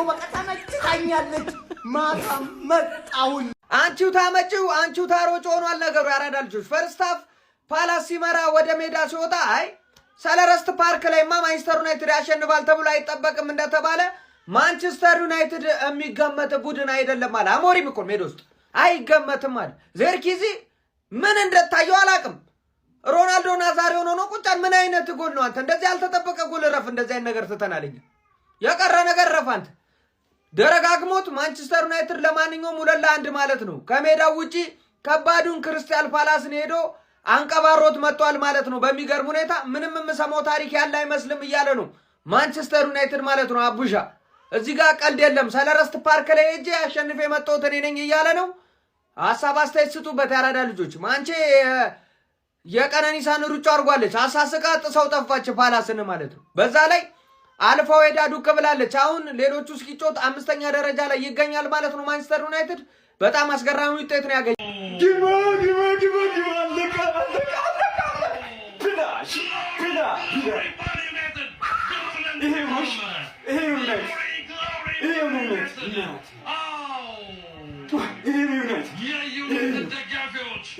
ሴትዮ በቃ ተመችታኛለች። ማታ መጣሁኝ። አንቺው ታመጪው አንቺው ታሮጭ ሆኗል ነገሩ። ያራዳ ልጆች ፈርስት ሃፍ ፓላስ ሲመራ ወደ ሜዳ ሲወጣ አይ ሰለረስት ፓርክ ላይማ ማንቸስተር ዩናይትድ ያሸንፋል ተብሎ አይጠበቅም እንደተባለ ማንቸስተር ዩናይትድ የሚገመት ቡድን አይደለም አለ አሞሪም እኮ ሜዳ ውስጥ አይገመትም አለ ዜርኪዚ ምን እንደታየው አላቅም ሮናልዶ ናዛሪዮ ሆኖ ቁጫን ምን አይነት ጎል ነው አንተ እንደዚህ ያልተጠበቀ ጎል ረፍ እንደዚህ አይነት ነገር ትተናለኛ የቀረ ነገር ረፍ አንተ ደረጋግሞት ማንቸስተር ዩናይትድ ለማንኛውም ሁለት ለአንድ ማለት ነው ከሜዳው ውጪ ከባዱን ክርስቲያል ፓላስን ሄዶ አንቀባሮት መጥቷል ማለት ነው። በሚገርም ሁኔታ ምንም የምሰማው ታሪክ ያለ አይመስልም እያለ ነው ማንቸስተር ዩናይትድ ማለት ነው። አቡሻ እዚህ ጋር ቀልድ የለም። ሰለረስት ፓርክ ላይ ሄጄ አሸንፌ መጣሁት እኔ ነኝ እያለ ነው። ሀሳብ አስተያየት ስጡበት ያራዳ ልጆች። ማንቼ የቀነኒሳን ሩጫ አድርጓለች፣ አሳስቃ ጥሰው ጠፋች ፓላስን ማለት ነው በዛ ላይ አልፋው ሄዳ ዱቅ ብላለች። አሁን ሌሎቹ እስኪጮት አምስተኛ ደረጃ ላይ ይገኛል ማለት ነው። ማንቸስተር ዩናይትድ በጣም አስገራሚ ውጤት ነው ያገኘ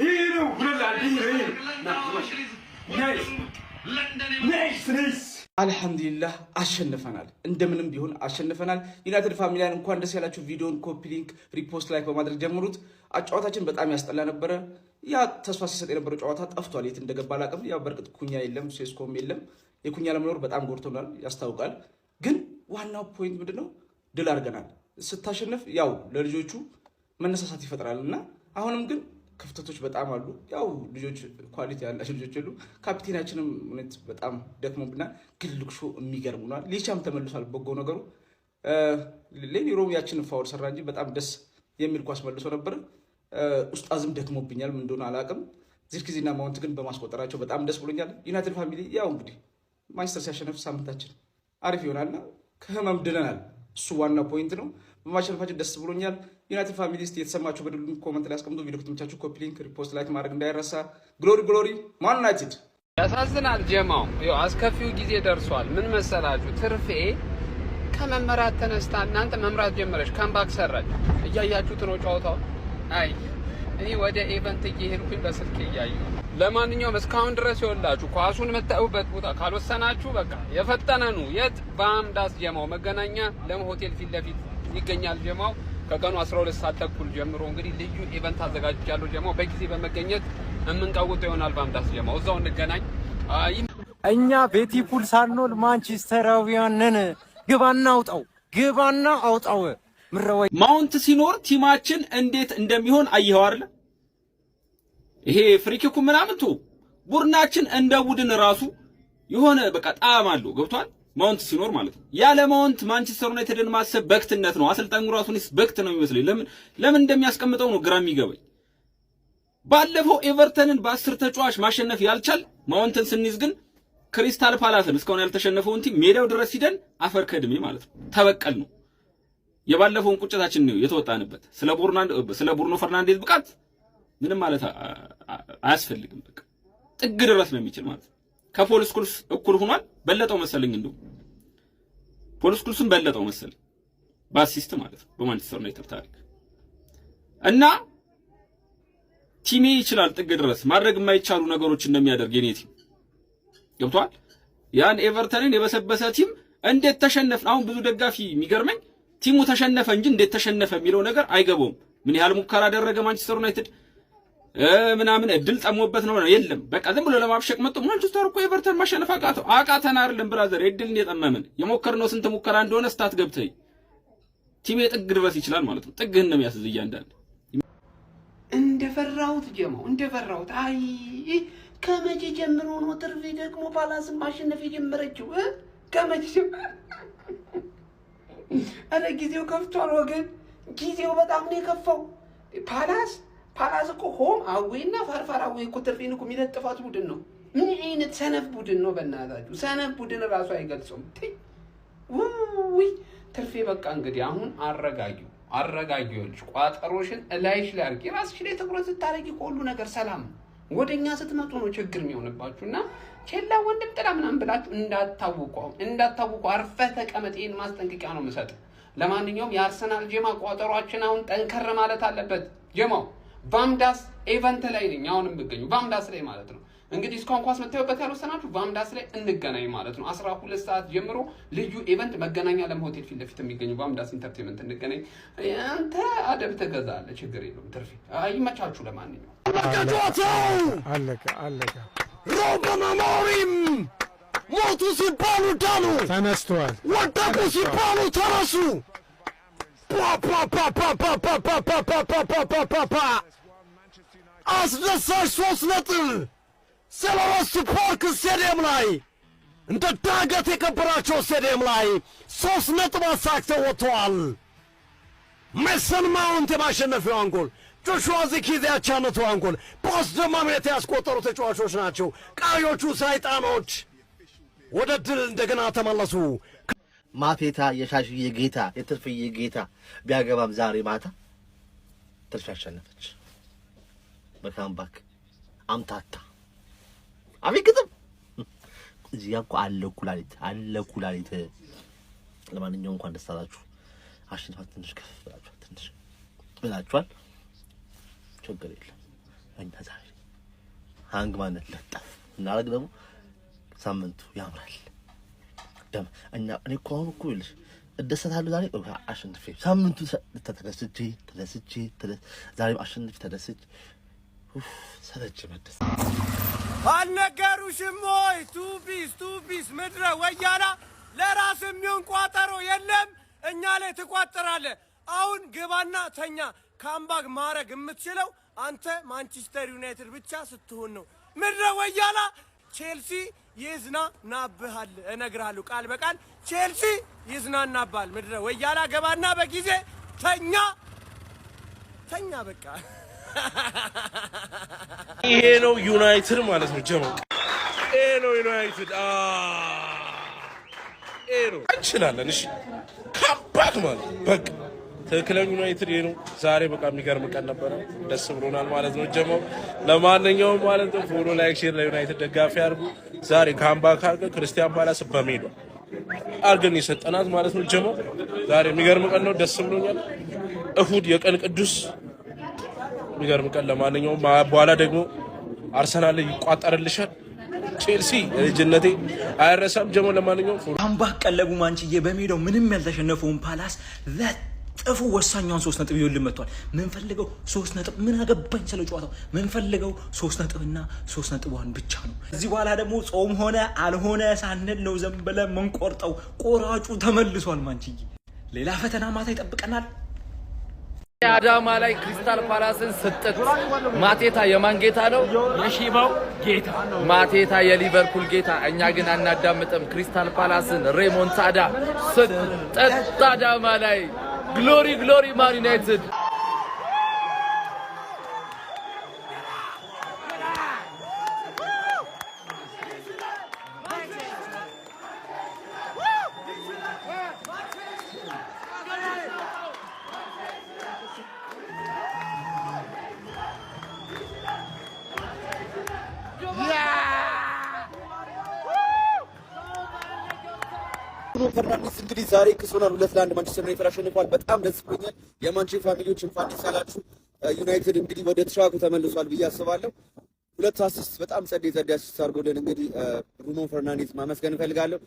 ይሄ ነው አልሐምዱሊላህ አሸንፈናል። እንደምንም ቢሆን አሸንፈናል። ዩናይትድ ፋሚሊያን እንኳን ደስ ያላችሁ። ቪዲዮን ኮፒ ሊንክ፣ ሪፖስት፣ ላይክ በማድረግ ጀምሩት። ጨዋታችን በጣም ያስጠላ ነበረ። ያ ተስፋ ሲሰጥ የነበረው ጨዋታ ጠፍቷል። የት እንደገባ አላውቅም። ያ በእርግጥ ኩኛ የለም፣ ሴስኮም የለም። የኩኛ ለመኖር በጣም ጎድቶናል፣ ያስታውቃል። ግን ዋናው ፖይንት ምንድነው ድል አድርገናል። ስታሸንፍ ያው ለልጆቹ መነሳሳት ይፈጥራል እና አሁንም ግን ክፍተቶች በጣም አሉ። ያው ልጆች ኳሊቲ ያላቸው ልጆች የሉ። ካፒቴናችንም እውነት በጣም ደክሞብናል። ግን ልክሾ የሚገርም ሆኗል። ተመልሷል። በጎ ነገሩ ሌኒ ሮም ያችንን ፋውል ሰራ እንጂ በጣም ደስ የሚል ኳስ መልሶ ነበር። ኡስታዝም ደክሞብኛል፣ ምን እንደሆነ አላውቅም። ጊዜና ማውንት ግን በማስቆጠራቸው በጣም ደስ ብሎኛል። ዩናይትድ ፋሚሊ ያው እንግዲህ ማንቸስተር ሲያሸነፍ ሳምንታችን አሪፍ ይሆናልና ከህመም ድነናል። እሱ ዋና ፖይንት ነው። በማሸነፋቸው ደስ ብሎኛል። ዩናይትድ ፋሚሊ ስ የተሰማችሁ በድሉ ኮመንት ላይ አስቀምጡ። ቪዲዮ ከተመቻችሁ ኮፒ ሊንክ፣ ሪፖስት፣ ላይክ ማድረግ እንዳይረሳ። ግሎሪ ግሎሪ ማን ዩናይትድ። ያሳዝናል። ጀማው አስከፊው ጊዜ ደርሷል። ምን መሰላችሁ ትርፌ ከመመራት ተነስታ እናንተ መምራት ጀመረች። ካምባክ ሰራች። እያያችሁት ነው ጨዋታው። አይ እኔ ወደ ኤቨንት እየሄድኩኝ በስልክ እያየሁ ለማንኛውም እስካሁን ድረስ ይወላችሁ ኳሱን የምታዩበት ቦታ ካልወሰናችሁ በቃ የፈጠነ ነው። የት በአምዳስ ጀማው መገናኛ ለም ሆቴል ፊት ለፊት ይገኛል። ጀማው ከቀኑ 12 ሰዓት ተኩል ጀምሮ እንግዲህ ልዩ ኢቨንት አዘጋጅቻለሁ። ጀማው በጊዜ በመገኘት የምንቀውጠው ይሆናል። በአምዳስ ጀማው እዛው እንገናኝ። እኛ ቤቲ ሳንሆን ማንቸስተራዊያን ነን። ግባና አውጣው፣ ግባና አውጣው። ምረወይ ማውንት ሲኖር ቲማችን እንዴት እንደሚሆን አየኸው አይደል? ይሄ ፍሪኪኩ ምናምን ተው። ቡድናችን እንደ ቡድን ራሱ የሆነ በቃ ጣዕም አለው። ገብቷል። ማውንት ሲኖር ማለት ነው። ያለ ማውንት ማንቸስተር ዩናይትድን ማሰብ በክትነት ነው። አሰልጣኙ ራሱንስ በክት ነው የሚመስለኝ። ለምን ለምን እንደሚያስቀምጠው ነው ግራ የሚገባኝ። ባለፈው ኤቨርተንን በአስር ተጫዋች ማሸነፍ ያልቻል ማውንትን ስንይዝ ግን ክሪስታል ፓላስን እስካሁን ያልተሸነፈውን ቲም ሜዳው ድረስ ሂደን አፈር ከድሜ ማለት ነው ተበቀል ነው። የባለፈውን ቁጭታችን ነው የተወጣንበት። ስለ ቡርኖ ፈርናንዴዝ ብቃት ምንም ማለት አያስፈልግም። በቃ ጥግ ድረስ ነው የሚችል ማለት ነው። ከፖል ስኩልስ እኩል ሆኗል። በለጠው መሰለኝ እንደው ፖል ስኩልስን በለጠው መሰለኝ በአሲስት ማለት ነው በማንቸስተር ዩናይትድ ታሪክ እና ቲሜ ይችላል ጥግ ድረስ ማድረግ የማይቻሉ ነገሮች እንደሚያደርግ የኔ ቲም ገብቷል። ያን ኤቨርተንን የበሰበሰ ቲም እንዴት ተሸነፈ? አሁን ብዙ ደጋፊ የሚገርመኝ ቲሙ ተሸነፈ እንጂ እንዴት ተሸነፈ የሚለው ነገር አይገባውም። ምን ያህል ሙከራ አደረገ ማንቸስተር ዩናይትድ ምናምን እድል ጠሞበት ነው የለም። በቃ ዝም ብሎ ለማብሸቅ መጥቶ ማንቸስተር እኮ ኤቨርተን ማሸነፍ አቃተው። አቃተን አይደለም ብራዘር፣ እድል የጠመምን የሞከርነው ስንት ሙከራ እንደሆነ ስታት ገብተይ ቲሜ ጥግ ድረስ ይችላል ማለት ነው። ጥግህን ነው የሚያስዝ እያንዳንድ እንደፈራሁት ጀመው እንደፈራሁት። አይ ከመቼ ጀምሮ ነው ትርፊ ደግሞ ፓላስን ማሸነፍ የጀመረችው? ከመቼ ጀምሮ? አረ ጊዜው ከፍቷል ወገን፣ ጊዜው በጣም ነው የከፋው ፓላስ ፓላስ እኮ ሆም አዌና ፋርፋር አዌ እኮ ትርፌን እኮ የሚለጥፋት ቡድን ነው። ምን አይነት ሰነፍ ቡድን ነው? በእናታችሁ ሰነፍ ቡድን ራሱ አይገልጽም። ውይ ትርፌ በቃ እንግዲህ አሁን አረጋጊ አረጋጊዎች ቋጠሮሽን እላይሽ ላይ አድርጊ። ራስሽ ላይ ትኩረት ስታደርጊ ሁሉ ነገር ሰላም ነው። ወደኛ ስትመጡ ነው ችግር የሚሆንባችሁ እና ቼላ ወንድም ጥላ ምናምን ብላችሁ እንዳታውቁ እንዳታውቁ፣ አርፈህ ተቀመጥ። ይህን ማስጠንቀቂያ ነው የምሰጥ። ለማንኛውም የአርሰናል ጀማ ቋጠሯችን አሁን ጠንከር ማለት አለበት ጀማው ቫምዳስ ኤቨንት ላይ ነኝ አሁን የምገኙ ቫምዳስ ላይ ማለት ነው። እንግዲህ እስካሁን ኳስ መታዩበት ያልወሰናችሁ ቫምዳስ ላይ እንገናኝ ማለት ነው። አስራ ሁለት ሰዓት ጀምሮ ልዩ ኤቨንት መገናኛ ለም ሆቴል ፊት ለፊት የሚገኙ ቫምዳስ ኢንተርቴንመንት እንገናኝ። አንተ አደብ ተገዛለ ችግር የለውም። ትርፌ ይመቻችሁ። ለማንኛውም አለቀ አለቀ። ሮበ መሞሪም ሞቱ ሲባሉ ዳኑ፣ ተነስተዋል። ወደቁ ሲባሉ ተነሱ። ፓፓፓፓፓፓፓፓፓፓ አስደሳች ሶስት ነጥብ ሴልኸርስት ፓርክ ስቴዲየም ላይ እንደ ዳገት የከበራቸው ስቴዲየም ላይ ሶስት ነጥብ አሳክተው ወጥተዋል። ሜሰን ማውንት የማሸነፊያዋን ጎል፣ ጆሹዋ ዚርክዜ ያቻነቷን ጎል በአስደማሚ ያስቆጠሩ ተጫዋቾች ናቸው። ቀዮቹ ሰይጣኖች ወደ ድል እንደገና ተመለሱ። ማቴታ የሻሽዬ ጌታ የትርፍዬ ጌታ ቢያገባም ዛሬ ማታ ትርፍ ያሸነፈች ባክ አምታታ አቤት ግጥም እዚህ እኮ አለ ኩላሊት አለ ኩላሊት። ለማንኛውም እንኳን ደስ አላችሁ። አሸንፋት ትንሽ ከፍ ብላችኋል፣ ትንሽ ብላችኋል። ችግር የለም እኛ ዛሬ ሀንግ ማነት ለጠፍ እናደርግ ደግሞ ሳምንቱ ያምራል። ደም እኛ እኔ እኮ አሁን እኮ ይልሽ እደሰታለሁ ዛሬ አሸንፌ ሳምንቱ ተደስቼ ተደስቼ ዛሬም አሸንፌ ተደስቼ ሰለች መደስ አልነገሩሽም ወይ? ቱቢስ ቱቢስ ምድረ ወያላ ለራስ የሚሆን ቋጠሮ የለም። እኛ ላይ ትቋጥራለ። አሁን ግባና ተኛ። ካምባግ ማረግ የምትችለው አንተ ማንቸስተር ዩናይትድ ብቻ ስትሆን ነው። ምድረ ወያላ ቼልሲ ይዝና ናብሃል፣ እነግርሃለሁ ቃል በቃል ቼልሲ ይዝና ናብሃል። ምድረ ወያላ ገባና በጊዜ ተኛ ተኛ በቃ ይሄ ነው ዩናይትድ ማለት ነው። ጀመ ይሄ ነው ዩናይትድ እንችላለን። እሺ ከባድ ማለት ነው። በቃ ትክክለኛ ዩናይትድ ይሄ ነው። ዛሬ በቃ የሚገርም ቀን ነበረ። ደስ ብሎናል ማለት ነው። ጀመቅ ለማንኛውም ማለት ነው ፎሎ፣ ላይክ፣ ሼር ለዩናይትድ ደጋፊ አድርጉ። ዛሬ ካምባክ አድርገን ክርስቲያን ባላስ በሜዷ አድርገን የሰጠናት ማለት ነው። ጀመቅ ዛሬ የሚገርም ቀን ነው። ደስ ብሎኛል። እሁድ የቀን ቅዱስ የሚገርም ቀን ለማንኛውም በኋላ ደግሞ አርሰናል ይቋጠርልሻል። ቼልሲ ልጅነቴ አይረሳም። ጀሞ ለማንኛውም አምባ ቀለቡ ማንችዬ በሜዳው ምንም ያልተሸነፈውን ፓላስ ለጥፉ ወሳኛውን ሶስት ነጥብ ይሁን ልመጥቷል። ምንፈልገው ሶስት ነጥብ ምን አገባኝ ስለ ጨዋታው ምንፈልገው ሶስት ነጥብና ሶስት ነጥቧን ብቻ ነው። እዚህ በኋላ ደግሞ ጾም ሆነ አልሆነ ሳንል ነው ዘንበለ ምንቆርጠው። ቆራጩ ተመልሷል ማንችዬ። ሌላ ፈተና ማታ ይጠብቀናል። አዳማ ላይ ክሪስታል ፓላስን ስጥት ማቴታ የማን ጌታ ነው የሺባው ጌታ ማቴታ የሊቨርፑል ጌታ። እኛ ግን አናዳምጥም። ክሪስታል ፓላስን ሬሞንታዳ ስጠት አዳማ ላይ ግሎሪ ግሎሪ ማን ዩናይትድ ብሩኖ ፈርናንዴስ እንግዲህ ዛሬ ክሶናል። ሁለት ለአንድ ማንቸስተር ዩናይትድ አሸንፏል። በጣም ደስ ብሎኛል። የማንቸስተር ፋሚሊዎች እንኳን ደስ አላችሁ። ዩናይትድ እንግዲህ ወደ ትራኩ ተመልሷል ብዬ አስባለሁ። ሁለት አሲስት በጣም ጸዴ ጸዴ አሲስት አድርጎልን እንግዲህ ብሩኖ ፈርናንዴስ ማመስገን እፈልጋለሁ።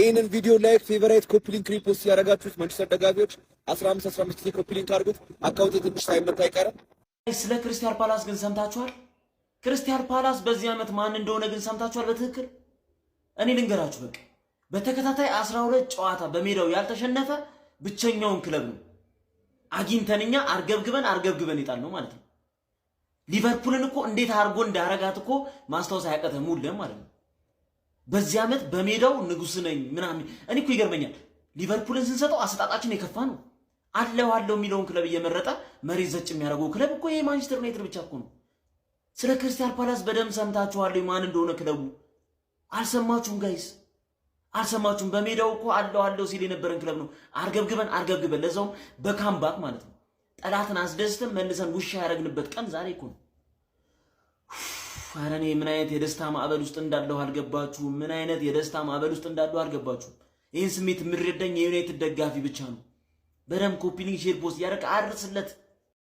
ይህንን ቪዲዮ ላይክ፣ ፌቨራይት፣ ኮፕሊንክ ሪፖስት ያደረጋችሁት ማንቸስተር ደጋፊዎች 15 15 ጊዜ ኮፕሊንክ አድርጉት። አካውንቴ ትንሽ ሳይመታ አይቀርም። ስለ ክርስቲያን ፓላስ ግን ሰምታችኋል? ክርስቲያን ፓላስ በዚህ ዓመት ማን እንደሆነ ግን ሰምታችኋል? በትክክል እኔ ልንገራችሁ በቃ በተከታታይ 12 ጨዋታ በሜዳው ያልተሸነፈ ብቸኛውን ክለብ ነው። አግኝተንኛ አርገብግበን አርገብግበን ይጣል ነው ማለት ነው። ሊቨርፑልን እኮ እንዴት አርጎ እንዳረጋት እኮ ማስታወስ አያቀተም ሁሉም ማለት ነው። በዚህ ዓመት በሜዳው ንጉስ ነኝ ምናምን። እኔ እኮ ይገርመኛል ሊቨርፑልን ስንሰጠው አሰጣጣችን የከፋ ነው። አለው አለው የሚለውን ክለብ እየመረጠ መሬት ዘጭ የሚያደርገው ክለብ እኮ ይሄ ማንቸስተር ዩናይትድ ብቻ እኮ ነው። ስለ ክርስቲያን ፓላስ በደም ሰምታችኋለሁ ማን እንደሆነ ክለቡ አልሰማችሁም ጋይስ? አልሰማችሁም? በሜዳው እኮ አለው አለው ሲል የነበረን ክለብ ነው። አርገብግበን አርገብግበን ለዛውም በካምባክ ማለት ነው። ጠላትን አስደስተን መልሰን ውሻ ያደረግንበት ቀን ዛሬ እኮ ነው። ኧረ እኔ ምን አይነት የደስታ ማዕበል ውስጥ እንዳለሁ አልገባችሁ። ምን አይነት የደስታ ማዕበል ውስጥ እንዳለሁ አልገባችሁ። ይህን ስሜት የምረዳኝ የዩናይትድ ደጋፊ ብቻ ነው። በደም ኮፒ ሊንክ፣ ሼር፣ ፖስት ያደረግ አርስለት